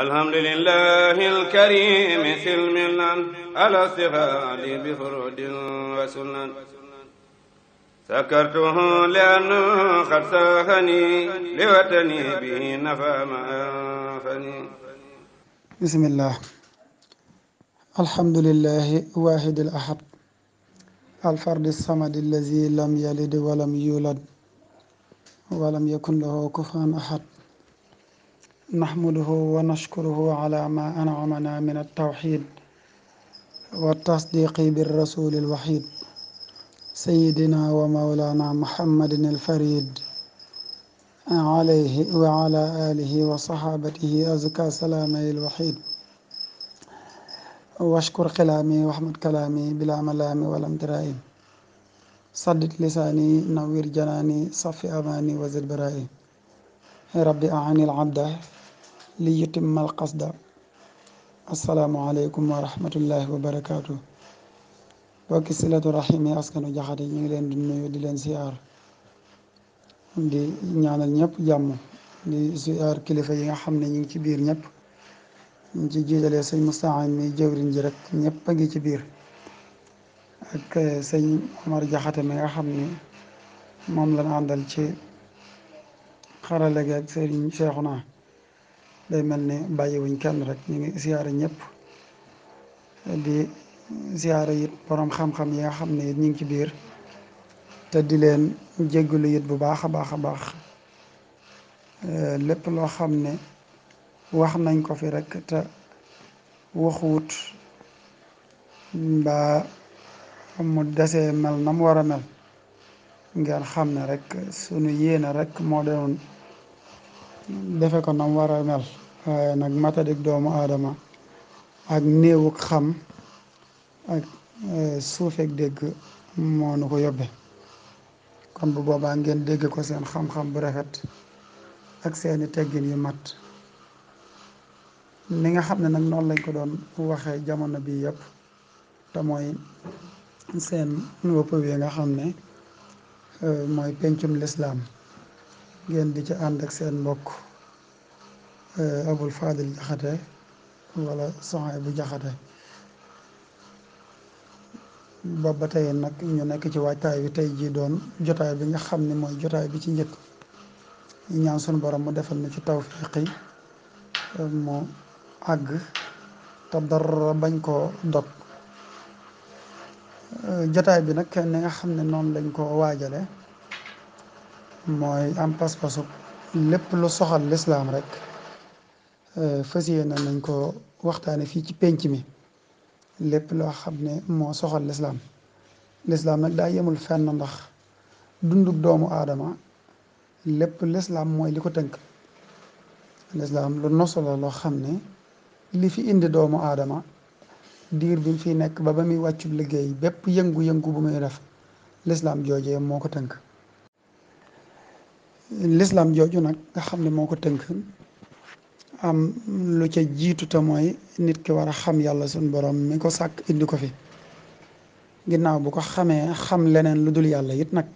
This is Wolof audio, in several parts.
الحمد لله الكريم سلم على استغال بفرود وسنن سكرته لأنه قد ساخني لوطني به نفى ما أنفني بسم الله الحمد لله واحد الأحد الفرد الصمد الذي لم يلد ولم يولد ولم يكن له كفوا أحد نحمده ونشكره على ما أنعمنا من التوحيد والتصديق بالرسول الوحيد سيدنا ومولانا محمد الفريد عليه وعلى آله وصحابته أزكى سلامي الوحيد واشكر كلامي واحمد كلامي بلا ملام ولا امترائي سدد لساني نوير جناني صفي أماني وزد برائي ربي أعني العبد li yutimma al qasda asalaamualeykum wa rahmatullahi wa barakaatu bokki silatu rahim yi askanu jaxate ñu ngi leen di nuyu di leen siyaar di ñaanal ñëpp jàmm di siyaar kilifa yi nga xam ne ñu ngi ci biir ñëpp ñu ci jiitalee sëñ mi jëwriñ ji rek a ngi ci biir ak eh, sëñ Omar Jaxate mi nga xam ni moom lañ àndal ci xarala gi ak sëriñ Seexuna day mel ne bàyyiwuñ kenn rekk ñu ngi siyaare ñëpp di siyaare it borom xam-xam yi nga xam ne it ñu ngi ci biir te di leen jéggalu it bu baax a baax a baax lépp loo xam ne wax nañ ko fi rek te waxuwut mbaa mu desee mel na mu war a mel ngeen xam ne rek sunu yéene rek moo doon defe ko nam war mel waaye nag matadik doomu aadama ak néewuk xam ak eh, suufeeg dégg moo nu ko yobbe kon bu boobaa ngeen dégg ko seen xam-xam bu rafet ak seeni teggin yu mat ni nga xam ne nag noonu lañ ko doon waxee jamono bi yëpp te mooy seen wëpp wi nga xam ne eh, mooy pencum lislaam ngeen di ci ànd ak seen mbokk abul fadil jaxate wala soxay bi jaxate booba tey nag ñu nekk ci waajtaay bi tey jii doon jotaay bi nga xam ne mooy jotaay bi ci njëkk ñu ñaan sunu borom mu defal na ci tawfiq yi mu àgg te dara bañ koo dog euh, jotaay bi nag ni xam ne noonu lañ koo waajale mooy am pas-pasu lépp lu soxal lislaam rek fas yéene nañ ko waxtaane fii ci penc mi lépp loo xam ne moo soxal lislaam lislaam nag daa yemul fenn ndax dundug doomu aadama lépp lislaam mooy li ko tënk lislaam lu nosu la loo xam ne li fi indi doomu aadama diir bi fi nekk ba ba muy wàccu liggéey bépp yëngu-yëngu bu muy def lislaam joojee moo ko tënk lislaam jooju nag nga xam ne moo ko tënk am lu ca jiitu te mooy nit ki war a xam yàlla suñ boroom mi ko sàkk indi ko fi ginnaaw bu ko xamee xam leneen lu dul yàlla it nag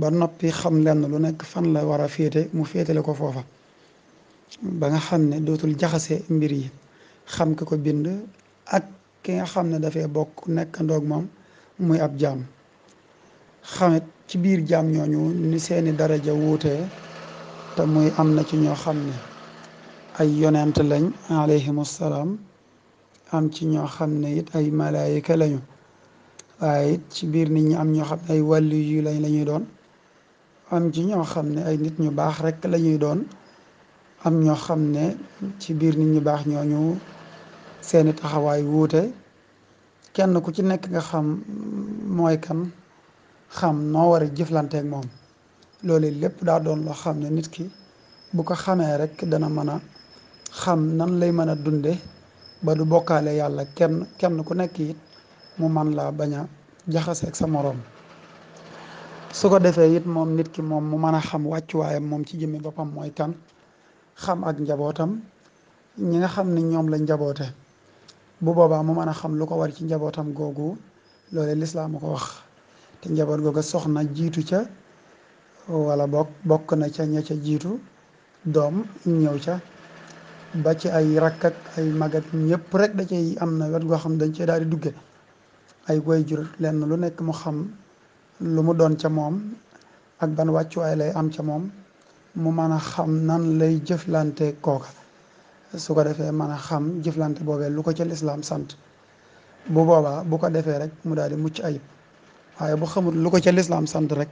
ba noppi xam lenn lu nekk fan la war a féete mu féetale ko foofa ba nga xam ne dootul jaxase mbir yi xam ki ko bind ak ki nga xam ne dafay bokk nekk ndoog moom muy ab jaam xamit ci biir jaam ñooñu ni seeni daraja wuute te muy am na ci ñoo xam ne ay yonent lañ alayhimu ci ñoo xam ne ay malaayika lañu waaye it ci biir nit ñi am ñoo xam ne ay wàllu yu lañ la doon am ci ñoo xam ne ay nit ñu baax rekk lañuy doon am ñoo xam ne ci biir nit ñu baax ñooñu seeni taxawaay wuute kenn ku ci nekk nga xam mooy kan xam noo war a jëflanteek moom loolu lépp daa doon loo xam ne nit ki bu ko xamee rek dana mën a xam nan lay mën a dunde ba du bokkaale yàlla kenn kenn ku nekk it mu man laa bañ a jaxaseeg sa moroom su ko defee it moom nit ki moom mu mën a xam wàccuwaayam moom ci jëmmi boppam mooy kan xam ak njabootam ñi nga xam ne ñoom la njaboote bu boobaa mu mën a xam lu ko war ci njabootam googu loole lislaam ko wax te njaboot googu soxna jiitu ca wala bokk bokk na ca ña ca jiitu doom ñëw ca ba ci ay rakk ak ay mag ak rek da cay am na wet goo xam dañ cee daal di dugge ay goy jur lenn lu nekk mu xam lu mu doon ca moom ak ban wàccuwaay lay am ca moom mu mën a xam nan lay jëflante kooka su ko defee mën xam jëflante boobee lu ko ca lislaam sant bu boobaa bu ko defee rek mu daal di mucc ayib waaye bu xamul lu ko ca lislaam sant rek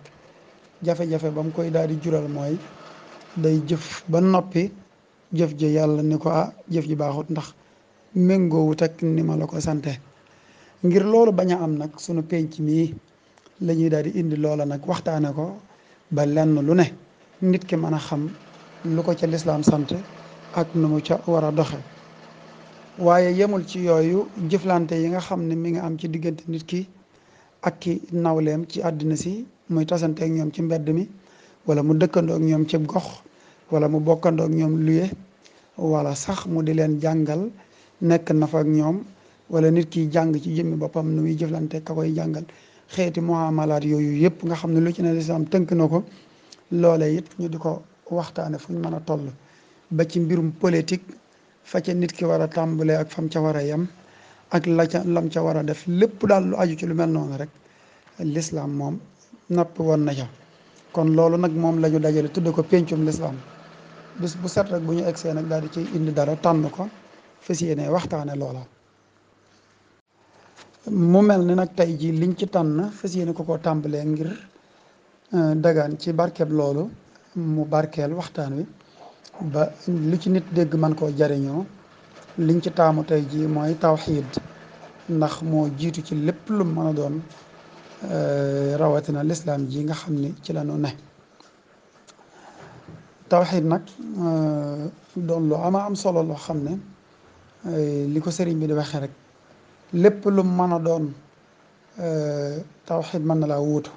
jafe-jafe ba mu koy daal di jural mooy day jëf ba noppi jëf ji yàlla ni ko ah jëf ji baaxut ndax méngoowut ak ni ma la ko sante ngir loolu bañ a am nag sunu penc mii lañuy ñuy daal di indi loola nag waxtaane ko ba lenn lu ne nit ki mën a xam lu ko ca lislaam sant ak nu ca war a doxe waaye yemul ci yooyu jëflante yi nga xam ne mi nga am ci diggante nit ki ak ki nawleem ci àddina si muy tasanteeg ñoom ci mbedd mi wala mu dëkkandoo ak ñoom ci gox wala mu bokkandoo ak ñoom luye wala sax mu di leen jàngal nekk na fa ak ñoom wala nit kiy jàng ci jëmmi boppam nu muy jëflante ka koy jàngal xeeti muamalaat yooyu yëpp nga xam ne lu ci ne lislaam tënk na ko loole it ñu di ko waxtaane fu ñu mën a toll ba ci mbirum politique fa ca nit ki war a tàmbalee ak fam ca war a yem ak la ca lam ca war a def lépp daal lu aju ci lu mel noonu rek lislaam moom napp woon na ca kon loolu nag moom lañu dajale tudd ko pencum lislaam bis bu set rek bu ñu egsee nag daal di ciy indi dara tànn ko fas yéene waxtaane loola mu mel ni nag tey jii liñ ci tànn fas yéene ko ko tàmbalee ngir euh, dagaan ci barkeb loolu mu barkeel waxtaan wi ba lu ci nit dégg man koo jariñoo liñ ci taamu tey jii mooy tawxiid ndax moo jiitu ci lépp lu mën a doon Eh, rawatina lislaam ji nga xam ni ci la ñu ne tawxiid nag eh, doon lu amaa am solo loo xam ne eh, li ko sëriñ bi di waxee rek lépp lu mën a doon tawxiid mën na laa wutu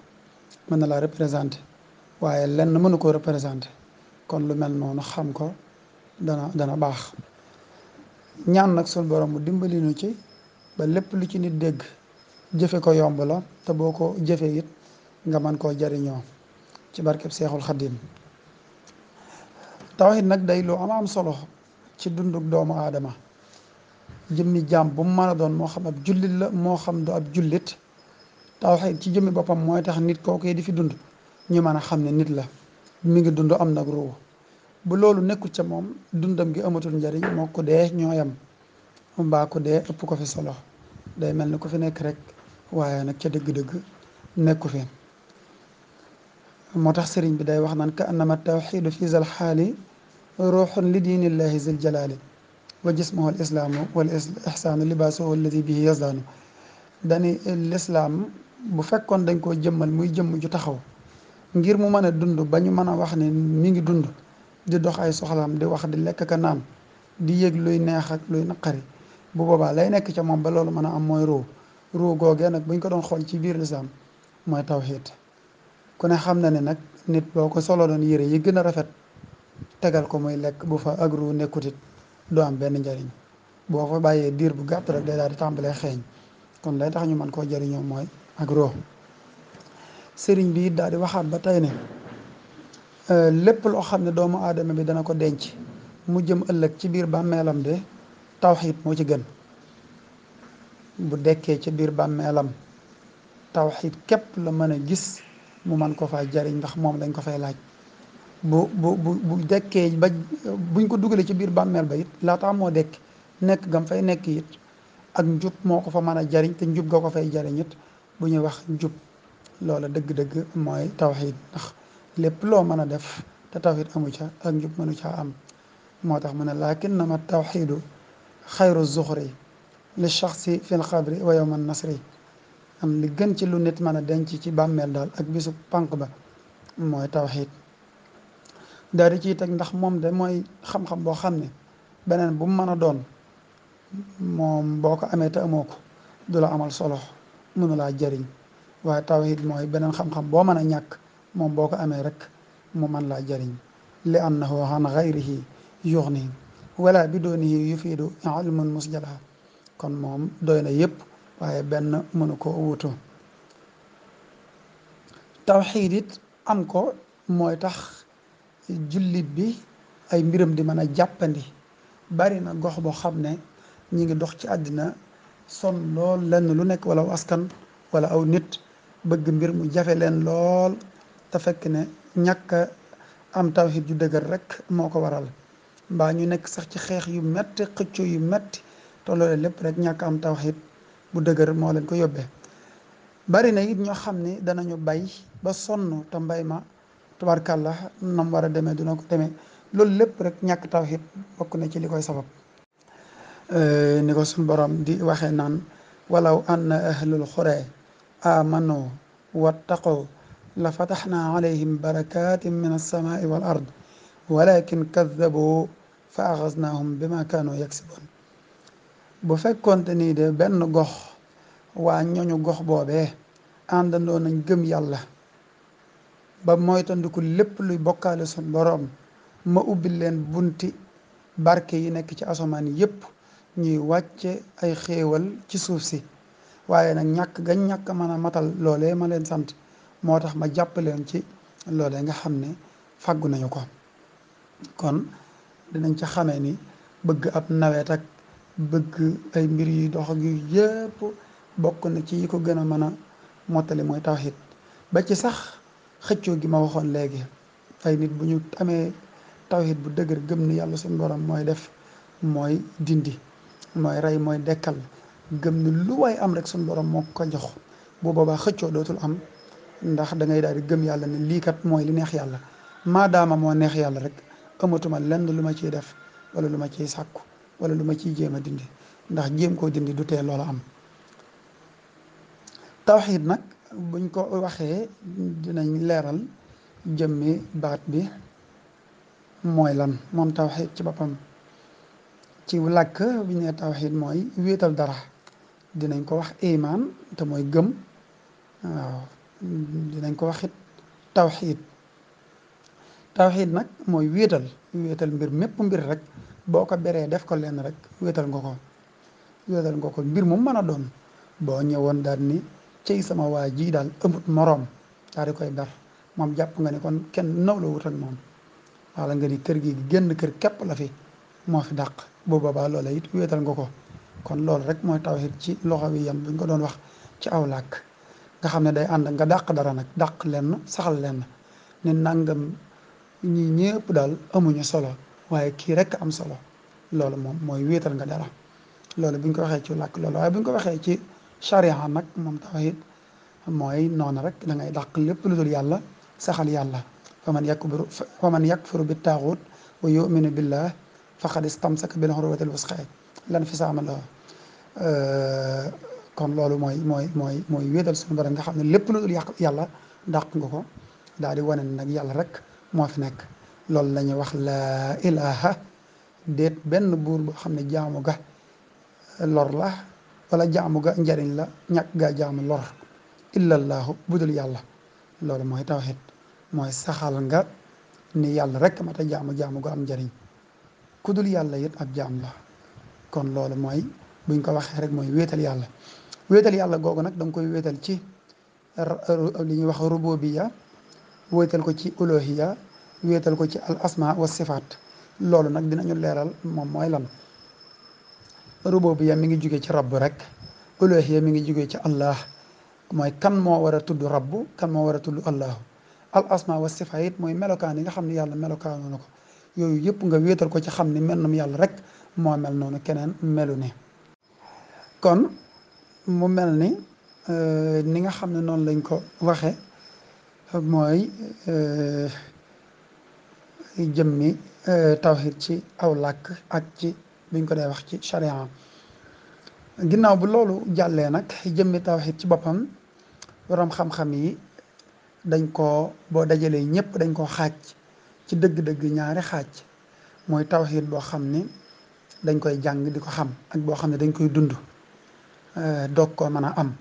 mën na laa représenté waaye lenn mënu koo représenté kon lu mel noonu xam ko dana dana baax ñaan nag sunu borom mu dimbali nu ci ba lépp lu ci nit dégg jëfe ko yomb la te boo ko jëfee it nga mën koo jariñoo ci barkeb seexul xaddim tawhid nag day loo am am solo ci dunduk doomu aadama jëmmi jaam bu mu mën a doon moo xam ab jullit la moo xam du ab jullit tawhid ci jëmmi boppam mooy tax nit kooku di fi dund ñu mën a xam ne nit la mi ngi dundu am nag ruu bu loolu nekkul ca moom dundam gi amatul njariñ moo ko dee ñooyam mbaa ko dee ko fi solo day mel ni ku fi nekk rek waaye nag ca dëgg-dëgg nekku fi moo tax sëriñ bi day wax naan ka annama tawxidu fi zal xaali ruuxun li diinillahi zil jalaali wa jismuhu al islaamu wal ixsaanu libaasuhu bu fekkoon dañ koo jëmmal muy jëmm ju taxaw ngir mu mën a dund ba ñu mën a wax ne mi ngi dund di dox ay soxlaam di wax di lekk ka naan di yëg luy neex luy naqari bu boobaa lay nekk ca moom ba loolu mën a am ruu googee nag buñ ko doon xool ci biir lislaam mooy tawxiid ku ne xam na ne nag nit boo ko solo doon yére yi gën a rafet tegal ko muy lekk bu fa ak ruu nekkut it du benn njariñ boo fa bàyyee diir bu gàtt rek day daal di tàmbalee xeeñ kon lay tax ñu mën koo jariñoo mooy ak ruu sëriñ bi it daal di waxaat ba tey ne euh, lépp loo xam ne doomu aadama bi dana ko denc mu jëm ëllëg ci biir bàmmeelam de tawxiid moo ci gën bu dekkee ca biir bàmmeelam tawxid képp la mën a gis mu mën ko faa jariñ ndax moom dañ ko fay laaj bu bu bu bu dekkee ba buñ ko dugalee ci biir bàmmeel ba it laata moo dekk nekk gam fay nekk it ak njub moo ko fa mën a jariñ te njub ga ko fay jariñ it bu ñuy wax njub loola dëgg-dëgg mooy tawxid ndax lépp loo mën a def te tawxid amu ca ak njub mënu caa am moo tax mu ne lakin nama tawxidu xayru zuxri li shaxsi fil xabri wa yowman nasri am li gën ci lu nit mën a denc ci bàmmeel daal ak bisu pànk ba mooy tawxiid daal di ciy teg ndax moom de mooy xam-xam boo xam ne beneen bu mu mën a doon moom boo ko amee te amoo ko du la amal solo mënu laa jëriñ waaye tawxiid mooy beneen xam-xam boo mën a ñàkk moom boo ko amee rek mu mën laa jëriñ li annahu an xayrihi yuxni wala bidoonihi yufiidu ilmun musjala kon moom doy na yépp waaye benn mënu ko wutu tawxiid it am ko mooy tax jullit bi ay mbiram di mën a jàppandi bari na gox boo xam ne ñu ngi dox ci àddina son lool lenn lu nekk wala askan wala aw nit bëgg mbir mu jafe leen lool te fekk ne ñàkk am tawxiid yu dëgër rekk moo ko waral mbaa ñu nekk sax ci xeex yu metti xëcco yu metti te loolu lépp rek ñàkk am tawxiid bu dëgër moo leen ko yóbbee bari na it ñoo xam ni danañu bay ba sonn te mbay ma tubarkàlla nam war a demee duna ko demee loolu lépp rek ñàkk tawxiid bokk na ci li koy sabab euh, ni ko suñu borom di waxee naan walaw anna ahlul xuree amano wattaqoo la fataxnaa alayhim barakatin min alsamaai wal ard walakin kadaboo fa axasnaahum bima kaanoo yaksiboon bu fekkonte nii de benn gox waa ñooñu gox boobee àndandoo nañ gëm yàlla ba moytandiku lépp luy bokkaale sun boroom ma ubbi leen bunti barke yi nekk ci asamaan yépp ñuy wàcce ay xéewal ci suuf si waaye nag ñàkk gañ ñàkk mën a matal loole ma leen sant moo tax ma jàpp leen ci loole nga xam ne fàggu nañu ko kon dinañ ca xamee ni bëgg ab nawet ak bëgg ay mbir yuy dox ak yu yëpp bokk na ci yi ko gën a mën a mottali mooy tawxid ba ci sax xëccoo gi ma waxoon léegi ay nit bu ñu amee tawxid bu dëgër gëm ni yàlla suñu borom mooy def mooy dindi mooy rey mooy dekkal gëm ni lu waay am rek suñu borom moo ko jox boo boobaa xëccoo dootul am ndax dangay ngay gëm yàlla ne lii kat mooy li neex yàlla maadaama moo neex yàlla rek amatuma lenn lu ma ciy def wala lu ma ciy sàkku wala lu ma ciy jéem a dindi ndax jéem koo dindi du tee loola am tawxiid nag buñ ko waxee dinañ leeral jëmmi baat bi mooy lan moom tawxiid ci boppam ci làkk bi ñu nee mooy wéetal dara dinañ ko wax imaan te mooy gëm waaw dinañ ko waxit tawxiid tawxiid nag mooy wéetal wéetal mbir mépp mbir rek boo ko beree def ko lenn rek wéetal nga ko wéetal nga ko mbir mu mën a doon boo ñëwoon daal ni cey sama waa ji daal ëmut moroom daal di koy ber moom jàpp nga ni kon kenn naw la wut ak moom wala nga ni kër gi génn kër képp la fi moo fi dàq bu boobaa loola it wéetal nga ko kon loolu rek mooy taw tawhid ci loxo wi yem bu ko doon wax ci aw làkk nga xam ne day ànd nga dàq dara nag dàq lenn saxal lenn ne nangam ñi ñëpp daal amuñu solo waaye kii rek am solo loolu moom mooy wéetal nga dara loolu bu ñu ko waxee ci làkk loolu waaye bu ñu ko waxee ci charia nag moom tawhid mooy noonu rek da daq dàq lépp lu dul yàlla saxal yàlla faman yakfur faman yakfur bi taaxut wa yuminu billah faqad istamsaka bil urwatil wusqa lan fi saama la kon loolu mooy mooy mooy mooy wéetal suñu borom nga xam ne lépp lu dul yàq yàlla dàq nga ko daal di wane nag yàlla rek moo fi nekk loolu la wax laa ilaha déet benn buur boo xam ne jaamu ga lor la wala jaamu ga njariñ la ñàkk gaa jaamu lor illallaahu budul yàlla lool mooy tawhid mooy saxal nga ni yàlla rek mat a jaamu jaamu ga am njariñ ku yàlla it ab jaam la kon loolu mooy buñ ko waxee rek mooy wéetal yàlla wéetal yàlla googu nag danga koy wéetal ci li ñuy wax rububiya wéetal ko ci uluhiya wéetal ko ci al asma wa sifaat loolu nag dinañu leeral moom mooy lan rububiyya mi ngi jugee ci rabb rek uluhiyya mi ngi jugee ci allah mooy kan moo war a tudd rabbu kan moo war a tudd allahu al asma wa sifaat it mooy melokaan yi nga xam ne yàlla melokaanu na ko yooyu yëpp nga wéetal ko ci xam ne mel nam yàlla rek moo mel noonu keneen melu ne kon mu mel ni euh, ni nga xam ne noonu lañ ko waxe mooy euh, jëmmi euh, tawxid ci aw làkk ak ci buñ ko dee wax ci charia ginnaaw bi loolu jàllee nag jëmmi tawxid ci boppam borom xam-xam yi dañ ko boo dajalee ñëpp dañ koo xaaj ci dëgg-dëgg ñaari xaaj mooy tawxid boo xam ni dañ koy jàng di ko xam ak boo xam ne dañ koy dund euh, doog ko mën a am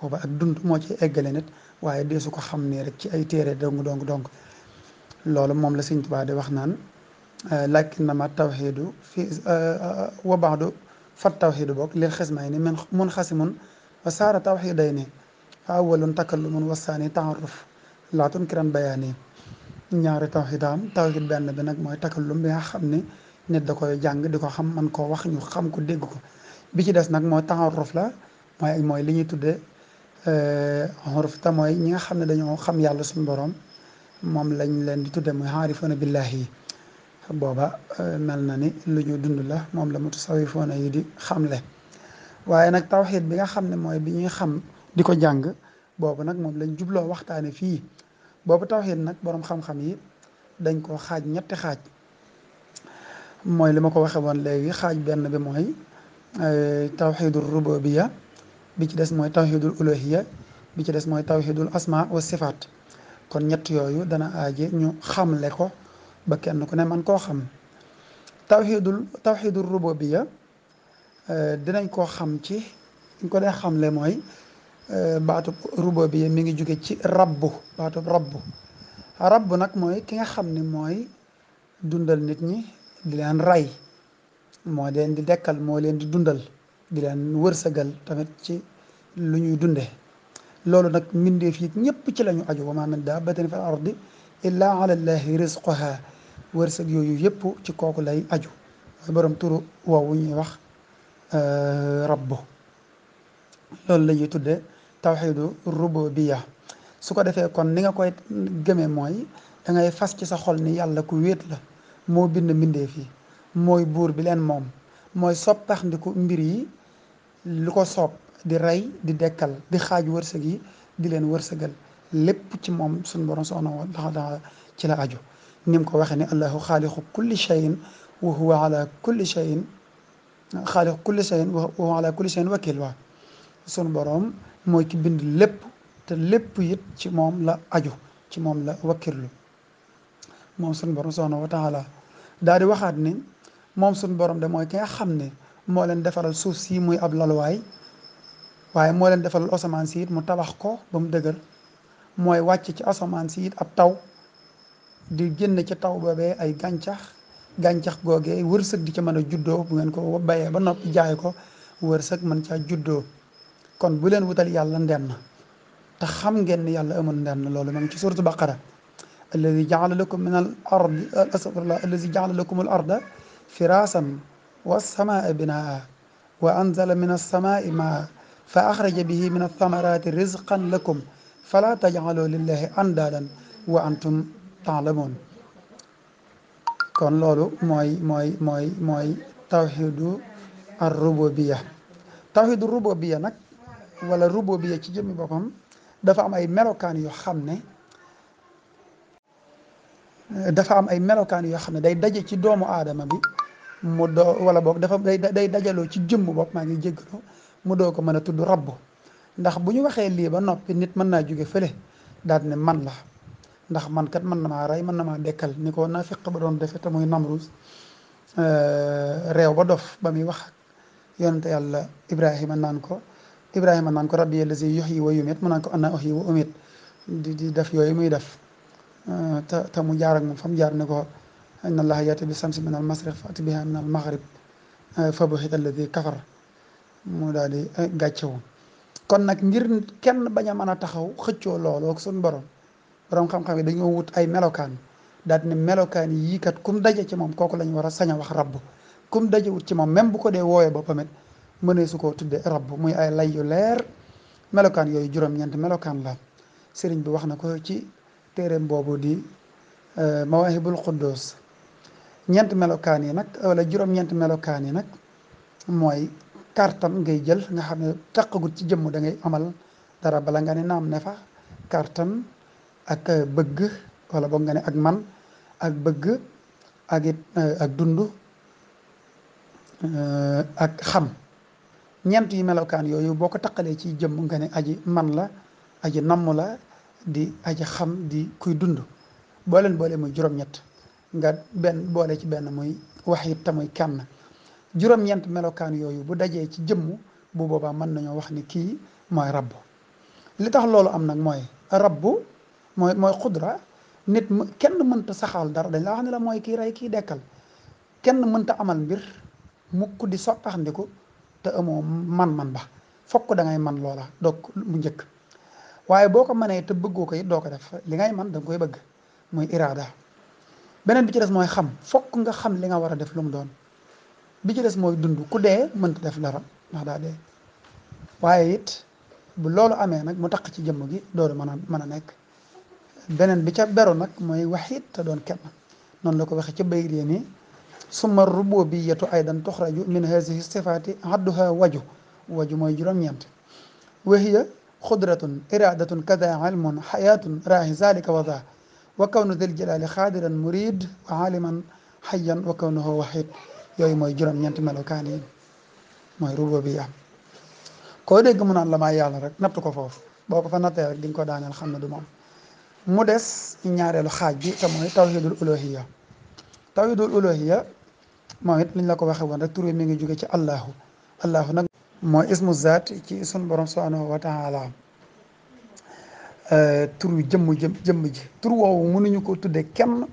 booba ak dund moo ci eggale nit waaye deesu ko xam nii rek ci ay téere dong dong dong loolu moom la Sëñ Tuubaa di wax naan euh, lakin nama tawxidu fi euh, wa baadu fat tawxidu boog lil xismay ni min mun xasimun wa saara tawxiday ni fa awalun takallumun wa saani taaruf laa tunkiran bayaani ñaari tawxid am tawxid benn bi nag mooy takallum bi nga xam ni nit da koy jàng di ko xam man ko wax ñu xam ko dégg ko bi ci des nag mooy taaruf la mooy mooy li ñuy tudde xuruf euh, mooy ñi nga xam ne dañoo xam yàlla suñu borom moom lañ leen di tudde muy xaarifoona billaahi yi booba eh, mel na ni lu ñu dund la moom la mutasawifoona yi di xamle waaye nag tawxiid bi nga xam ne mooy bi ñuy xam di ko jàng boobu nag moom lañ jubloo waxtaane fii boobu tawxiid nag boroom xam-xam yi dañ koo xaaj ñetti xaaj mooy li ma ko waxe woon léegi xaaj benn bi mooy eh, tawxiidul rububiya bi ci des mooy tawxiidul uluhiya bi ci des mooy tawxiidul asma wa sifaat kon ñett yooyu dana aaje ñu xamle ko ba kenn ku ne man koo xam tawxidul tawxidul rububiya eh, dinañ koo xam ci ñu ko dee xamle mooy eh, baatub rububiya mi ngi jóge ci rabbu baatub rabbu rabbu nag mooy ki nga xam ni mooy dundal nit ñi di leen rey moo leen di dekkal moo leen di dundal di leen wërsëgal tamit ci lu ñuy dunde loolu nag mbindeef yi ñëpp ci lañu ñu aju wa ma min daabatin fil ardi illaa ala llahi rizquha wërsëg yooyu yëpp ci kooku lay aju mooy borom turu woowu ñuy wax euh, rabbu loolu la ñuy tuddee bi rububiya su ko defee kon ni nga koy gëmee mooy dangay fas ci sa xol ni yàlla ku wéet la moo bind mbindeef yi mooy buur bi leen moom mooy soppax ndiku mbir yi lu ko soob di rey di dekkal di xaaj wërsëg yi di leen wërsëgal lépp ci moom suñ borom subhanahu wa taala ci la aju ni ko waxee ne allahu xaaliqu kulli cheyin wa huwa ala kulli cheyin xaaliqu wa huwa waa suñ borom mooy ki bind lépp te lépp it ci moom la aju ci moom la wakkirlu moom suñ borom subhanahu wa taala daal di waxaat ni moom suñ borom de mooy ki nga xam ne moo leen defaral suuf sii muy ab lalwaay waaye moo leen defal asamaan si it mu tabax ko ba mu dëgër mooy wàcc ci asomaan si ab taw di jën ci taw boobee ay gàncax gàncax googee wërsëg di ca mën a juddoo bu ngeen ko bayee ba noppi jaay ko wërsëg mën caa juddoo kon bu leen wutal yàlla na te xam ngeen ni yàlla amul ndenn loolu ma ngi ci suuratu baqara allazi jaala lakum min al ard astaghfirullah allazi jaala lakum al arda firaasan wa samaa binaa wa anzala min as samaa fa axraja bihi min athamarati rizqan lakum fala tajcalu lillahi andaadan wa antum taalamuun kon loolu mooy mooy mooy mooy tawxidu ar rububiya tawxidu rububiya nag wala rububiya ci jëmmi boppam dafa am ay melokaan yoo xam ne dafa am ay melokaan yoo xam ne day daje ci doomu aadama bi mu doo wala boog dafa day dajaloo ci jëmm bopp maa ngi jéggaloo mu doo ko mën a tudd rabbu ndax bu ñu waxee lii ba noppi nit mën naa jóge fële daal ne man la ndax man kat mën na maa rey man na ma dekkal ni ko naafiq ba doon defee te muy namruus euh, réew ba dof ba muy wax yonente yàlla ibrahima naan ko ibrahima naan ko rabbi allazi yuhyi wa yumit mu naan ko ana uhyi wa umit di di def yooyu muy def euh, te te mu jaar ak moom jaar ne ko inna allaha yati bi samsi min al masriq fa ati a min al maghrib euh, fa buhita alladi kafar mu daal di eh, gàccewu kon nag ngir kenn bañ a mën a taxaw xëccoo loolu ak suñu borom borom xam-xam yi dañoo wut ay melokaan daal ne melokaan yii kat kum daje ci moom kooku la ñu war a sañ wax rabb kum daje wut ci moom même bu ko dee woowee ba it mënee su ko tuddee rabb muy ay lay yu leer melokaan yooyu juróom-ñeent melokaan la sëriñ bi wax na ko ci téereem boobu di eh, mawaahibul quddus ñeent melokaan yi nag wala juróom-ñeent melokaan yi nag mooy. kartam ngay jël nga xam ne taqagut ci jëmm da ngay amal dara bala nga ne naam ne fa kartam ak euh, bëgg wala boog nga ne ak man ak bëgg ak it euh, ak dund euh, ak xam ñeent yi melokaan yooyu boo ko taqalee ci jëmm nga ne aji man la aji namm la di aji xam di kuy dund booleen leen boole muy juróom-ñett nga benn boole ci benn muy wax it te muy kenn juróom-ñeent melokaan yooyu bu dajee ci jëmm bu boobaa mën nañoo wax ni kii mooy rabbu li tax loolu am nag mooy rabbu mooy mooy xudra nit kenn mënta saxaal dara dañ la xam ne la mooy kii rey kii dekkal kenn mënta amal mbir mukk di sottax ndiku te amoo man-man ba fokk da ngay man loola donc bu njëkk waaye boo ko mënee te bëggoo ko it doo ko def li ngay man da koy bëgg muy iraada beneen bi ci des mooy xam fokk nga xam li nga war a def lu mu doon bi ci des mooy dund ku dee mënta def dara ndax daa dee waaye it bu loolu amee nag mu taq ci jëmm gi dooru mën a mën a nekk beneen bi ca beru nag mooy waxit te doon kenn noonu la ko waxee ca bayit yi nii summa rububiyatu aydan tuxraju min hazihi sifaati hadduha waju waju mooy juróom-ñeent wahiya xudratun iradatun kada ilmun xayaatun raahi zalika wa daa wa kawnu dil jalaali xaadiran murid wa aliman xayan wa kawnuhu waxid yooyu mooy juróom-ñeenti melokaan yi mooy ruuba bi am koo dégg mu naan la maay yàlla rek natt ko foofu boo ko fa nattee rek ko daaneel xam ne du moom mu des ñaareelu xaaj bi te mooy tawhidul uluhiya tawhidul uluhiya moom it liñ la ko waxee woon tur mi ngi jóge ci allahu allahu nag mooy ismu zaat ci sun borom subhanahu wa taala euh, tur wi jëmm jëmm ji tur woowu mënuñu ko tuddee kenn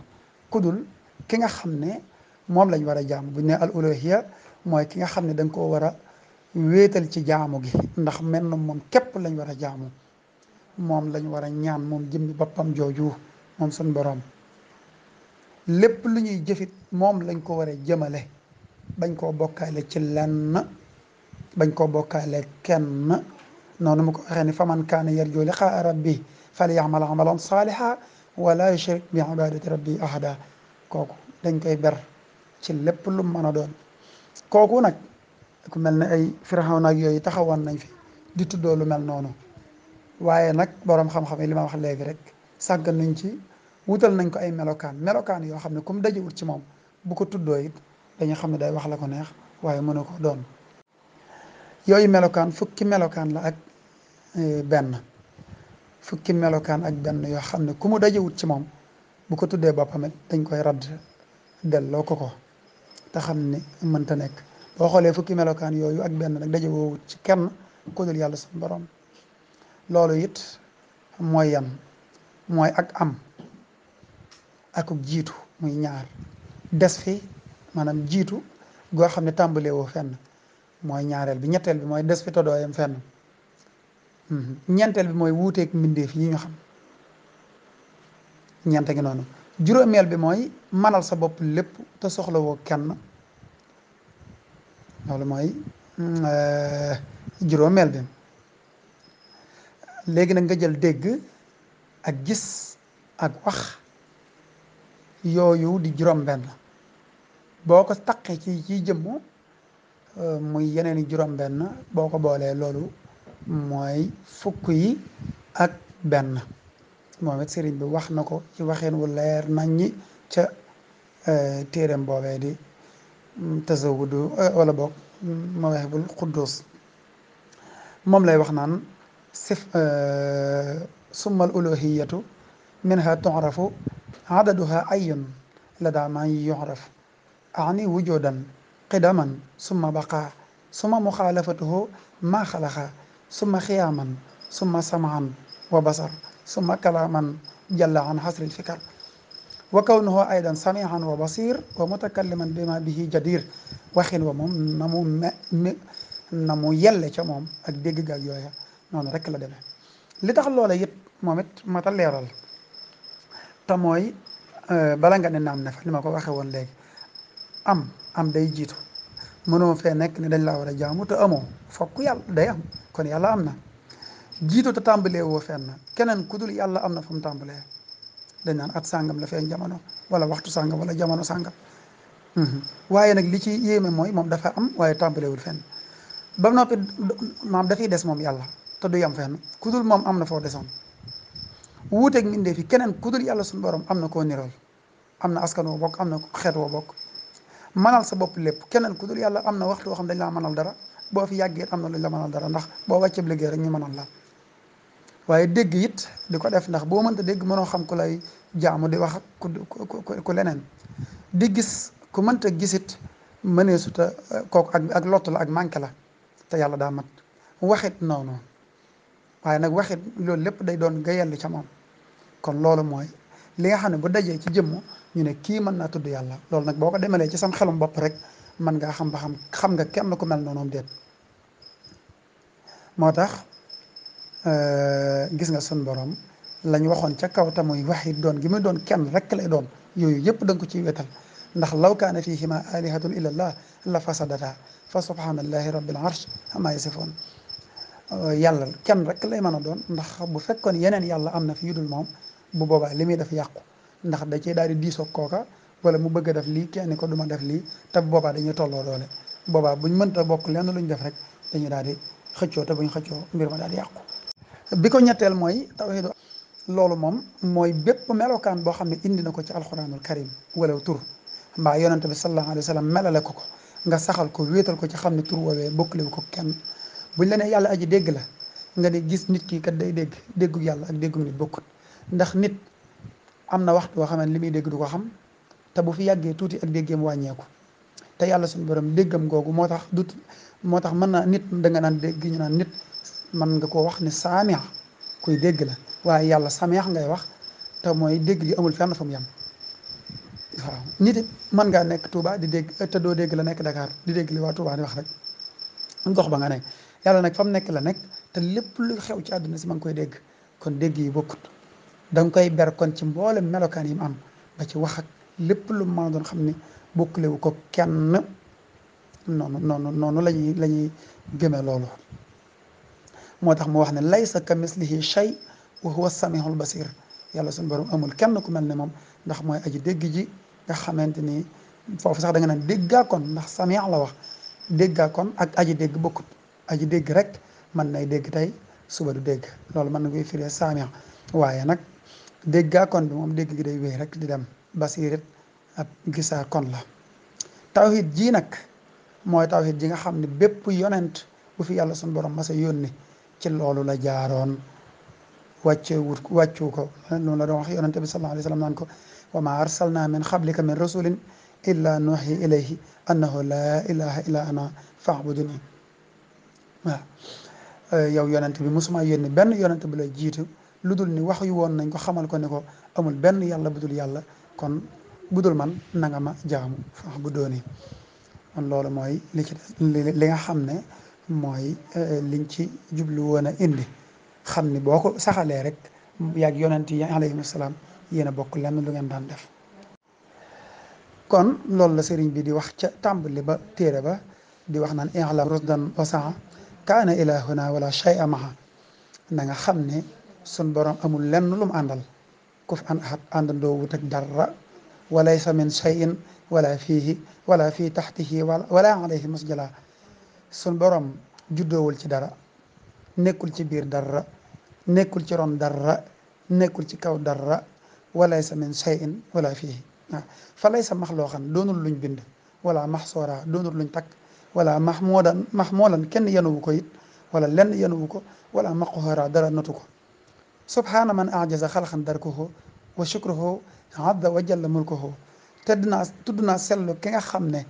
kudul ki nga xam ne moom lañ war a jaamu buñ ne al uluhiya mooy ki nga xam ne dañ koo war a wéetal ci jaamu gi ndax mel na moom képp lañ war a jaamu moom lañ war a ñaan moom jëmmi boppam jooju moom suñ borom lépp lu ñuy jëfit moom lañ ko war a jëmale bañ koo bokkaale ci lenn bañ koo bokkaale kenn noonu mu ko waxee ni faman kaana yarju liqaa rabbi falyamal amalan saaliha wala yushrik bi ibadati rabbi ahada kooku dañ koy ber ci lépp lu mën a doon kooku nag ku mel ni ay firaxaw nag yooyu taxawan nañ fi di tuddoo lu mel noonu waaye nag boroom xam-xam yi li ma wax léegi rek sàggan nañ ci wutal nañ ko ay melokaan melokaan yoo xam ne comme dajewut ci moom bu ko tuddoo it xam ne day wax la ko neex waaye mënu ko doon yooyu melokaan fukki melokaan la ak e, benn fukki melokaan ak benn yoo xam ne ku mu dajewut ci moom bu ko tuddee boppam it dañ koy radd delloo ko ko te xam ne mënta nekk boo xoolee fukki melokaan yooyu ak benn nag daje woowut ci kenn ku dul yàlla sa borom loolu it mooy yan mooy ak am akuk jiitu muy ñaar des fi maanaam jiitu goo xam ne tàmbalee woo fenn mooy ñaareel bi ñetteel bi mooy des fi te dooyam fenn mhm. ñeenteel bi mooy wuuteeg mbindeef yi ñu xam ñeente ngi noonu juróomeel bi mooy manal sa bopp lépp te soxlawoo kenn loolu mooy mm, eh, juróomeel bi léegi nag nga jël dégg ak gis ak wax yooyu di juróom-benn boo ko taqee ci ci jëmm eh, muy yeneen i juróom-benn boo ko boolee loolu mooy fukk yi ak benn. moom it sëriñ bi wax na ko ci waxeen wu leer nañ ñi ca eh, téereem boobee di mm, tasawudu eh, wala boog mm, mawaahibul quddus moom lay wax naan sif eh, summal uluhiyatu minha tu'rafu adaduha ayun lada man yu'raf ani wujudan qidaman summa baqa summa muxaalafatuhu ma xalaqa summa xiyaaman summa samaan wa basar summa kalaaman jalla an hasril fikar wa kawnuhu aydan samihan wa basir wa mutakalliman bima bihi jadir waxin wa moom na mu me na mu yelle ca moom ak dégg gaag yooya noonu rek la demee li tax loola it moom it mata leeral te mooy euh, bala nga ne naam ne fa ma ko waxee woon léegi am am day jiitu mënoo fee nekk ne dañ laa war a jaamu te amoo fokk yàlla day am kon yàlla am na jiito te tàmbalee woo fenn keneen ku yàlla am na fu mu tàmbalee dañ naan at sàngam la jamono wala waxtu sàngam wala jamono sàngam mhm. waaye nag li ci yéeme mooy moom dafa am waaye tàmbalewul fenn ba noppi maam dafiy des moom yàlla te duy yam fenn ku moom am na foo desoon wuuteeg mbindee fi keneen ku dul yàlla suñu borom am na koo nirool am na askan woo bokk am na xeet woo bokk manal sa bopp lépp keneen ku dul yàlla am na waxtu woo xam dañ laa manal dara boo fi yàggee am na luñ la manal dara ndax boo wàccee liggéey rek ñu manal la waaye dégg it di ko def ndax boo mënta dégg mënoo xam ku lay jaamu di wax ku ku leneen di gis ku mënta gisit mëneesu ta eh, kooku ak ak lottu la ak manqué la te yàlla daa mat waxit noonu waaye nag waxit loolu lépp day doon gayellu ca moom kon loolu mooy li nga xam ne boo dajee ci jëmm ñu ne kii mën naa tudd yàlla loolu nag boo ko demalee ci sam xelum bopp rek mën ngaa xam ba xam xam nga kenn ku mel noonu déet moo tax Euh, gis nga sun borom lañ waxoon ca kaw te wax it doon gi muy doon kenn rek lay doon yooyu yëpp da nga ko ciy wetal ndax law kaana fihima alihatun illa allah la fasadata fa subhanallahi rabbil arsh ama yasifoon yàlla kenn rek lay mën a doon ndax bu fekkoon yeneen yàlla am na fi yudul moom bu boobaa li muy def yàqu ndax da cee daal di diisoog kooka wala mu bëgg def lii kenn ko duma def lii te bu boobaa dañuy tolloo doole boobaa buñ mënta bokk lenn luñ def rek dañuy daal xëccoo te buñ xëccoo mbir ma daal di yàqu bi ko ñetteel mooy tawhidu loolu moom mooy bépp melokaan boo xam ne indi na ko ci alxuraanul karim wala tur mbaa yonente bi sallallahu alayhi wa sallam melale ko ko nga saxal ko wéetal ko ci xam ne tur woowee bokkalewu ko kenn bu la nee yàlla aji dégg la nga ne gis nit kii kat day dégg déggu yàlla ak déggu nit bokkut ndax nit am na waxtu boo xam li muy dégg du ko xam te bu fi yàggee tuuti ak déggeem wàññeeku te yàlla suñu borom déggam googu moo tax du moo tax mën naa nit da nga naan dégg ñu nit man nga koo wax ne saamix kuy dégg la waaye yàlla saamix ngay wax te mooy dégg gi amul fenn fa mu yem waaw nit it mën ngaa nekk Touba di dégg te doo dégg la nekk Dakar di dégg li waa Touba di wax rek gox ba nga nekk yàlla nag fa mu nekk la nekk te lépp lu xew ci àdduna si ma ngi koy dégg kon dégg yi bokkut danga koy ber kon ci mboole melokaan yi mu am ba ci wax ak lépp lu ma xam ni bokkule wu ko kenn noonu noonu noonu la ñuy la ñuy loolu. moo tax mu wax ne laysa ka mislihi shay wa huwa samiul basir yàlla suñu borom amul kenn ku mel ne moom ndax mooy aji dégg ji nga xamante ni foofu sax da nga naan kon ndax sami la wax déggaa kon ak aji dégg bokkut aji dégg rek mën nay dégg tey suba du dégg loolu mën na koy firee sami waaye nag déggaa kon bi moom dégg gi day wéy rek di dem basiirit ak gisaa kon la tawhid ji nag mooy tawhid ji nga xam ne bépp yonent bu fi yàlla suñu borom masa yónni ci loolu la jaaroon wàcce wut wàccu ko noonu la doon wax yonante bi sallallahu alayhi wa sallam naan ko wa ma arsalna min xablika min rasulin illa nuhi ilayhi annahu laa ilaha illa ana faabuduni waaw eh, yow yonante bi mosuma yónni benn yonante bu la jiitu lu dul ni wax yu woon nañ ko xamal ko ne ko amul benn yàlla budul yàlla kon budul man nanga ma jaamu faabuduni kon loolu mooy li ci li nga xam ne mooy eh, liñ ci jublu indi xam ni boo ko saxalee rek yaag yonent yi alayhim salaam yéen a bokk lenn lu ngeen daan def kon loolu la sëriñ bi di wax ca tàmbali ba téere ba di wax naan i'lam rusdan wasaa kaana ilahuna wala shay'a maha na nga xam ni sun borom amul lenn lu mu àndal ku fi an ahat àndandoo wut ak dara walaysa min shay'in wala fiihi wala fii taxtihi wala alayhi masjala sun borom juddoowul ci dara nekkul ci biir dara nekkul ci ron dara nekkul ci kaw dara walaysa min shay'in wala fihi waaw fa laysa maxlooxan doonul luñ bind wala maxsoora doonul luñ takk wala maxmoodan maxmoolan kenn yanuwu ko it wala lenn yanuwu ko wala maqoxora dara notu ko subhaana man ajaza xalxan darkuhu wa shukruhu azza wa jalla mulkuhu tedd naa tudd naa sellu ki nga xam ne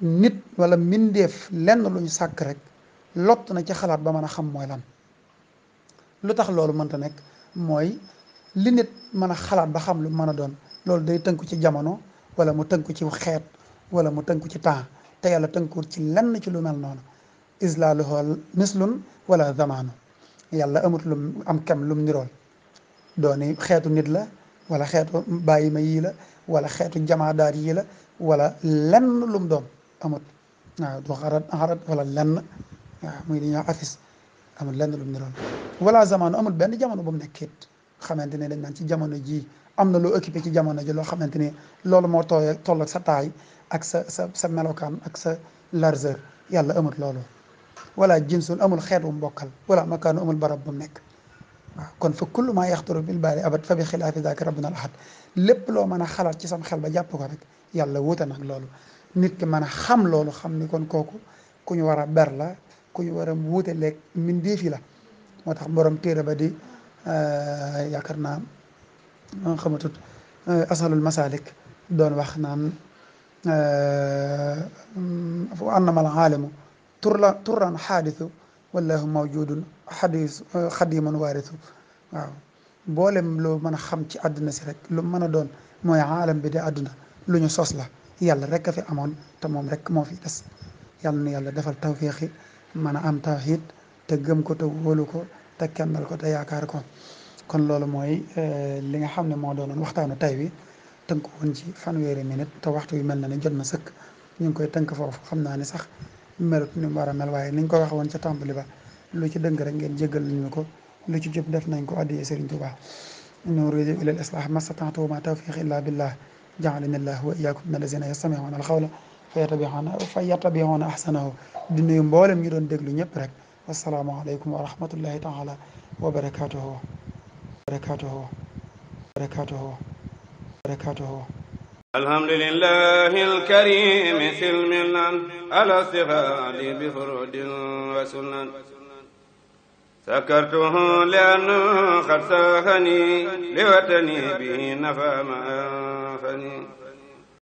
nit wala mbindeef lenn lu ñu sàkk rek lott na ci xalaat ba mën a xam mooy lan lu tax loolu mënta nekk mooy li nit mën a xalaat ba xam lu mën a doon loolu day tënku ci jamono wala mu tënku ci xeet wala mu tënku ci temps te yàlla tënkuwul ci lenn ci lu mel noonu islaaluhu mislun wala zamaanu yàlla amut lu am kem lum nirool dooni xeetu nit la wala xeetu bàyyi ma yii la wala xeetu jamaadaat yii la walla lenn lum doon amut waaw du xarat xarat wala lenn waaw muy li ñuy wax afis amul lenn lu mu niroon wala zamano amul benn jamono bu mu nekkit xamante ne dañ naan ci jamono ji am na loo occupé ci jamono ji loo xamante ni loolu moo tooy toll ak sa taay ak sa sa sa melokaan ak sa largeur yàlla amul loolu wala jinsun amul xeet bu mu bokkal wala makaanu amul barab bu mu nekk waaw kon fa kullu maa yaxturu bil baali abad fa bi xilaafi zaaka rabbuna al ahad lépp loo mën a xalaat ci sam xel ba jàpp ko rek yàlla wuute nag loolu nit ki mën a xam loolu xam ni kon kooku ku ñu war a ber la ku ñu war a wuuteleeg mbindeef yi la moo tax borom téere ba di eh, yaakaar naa ah, xamatut eh, asalul masalik doon wax naan eh, wa annama al aalimu turla turran xaadisu wallahu mawjudun xadis xadimun waarisu waaw boolem lu mën a xam ci àdduna si rek lu mën a doon mooy aalam bi di àdduna lu ñu sos la yàlla rek a fi amoon te moom rek moo fi des yàlla na yàlla defal tawféexi mën a am tawxiid te gëm ko te wóolu ko te kennal ko te yaakaar ko kon loolu mooy eh, li nga xam ne moo doonoon waxtaanu tay wi ko woon ci fanweeri minute te waxtu wi mel na ne jot na sëkk ñu ngi koy tënk foofu xam naa ne sax melut ni mu war a mel waaye niñ ko wax woon ca tàmbali ba lu ci dëng rek ngeen jéggal ñu ko lu ci jub def nañ ko addiyee Sëriñ Tuubaa in uriidu illa al-islaaha mastata'tu wa ma tawfiiqi illa billah jaalana llaahu wa iyyaakum mina llaziina yastami'uuna al-qawla fa yattabi'uuna fa yattabi'uuna ahsanahu di nuyu mboolem ñu doon déglu ñëpp rek asalaamaaleykum wa rahmatullahi taala wa barakaatuhu barakaatuhu barakaatuhu barakaatuhu alhamdulillahi alkarimi silmilan ala sihadi bi furudin wa sunan sakartuhu liannu qad sahani liwatani bihi nafa maa fani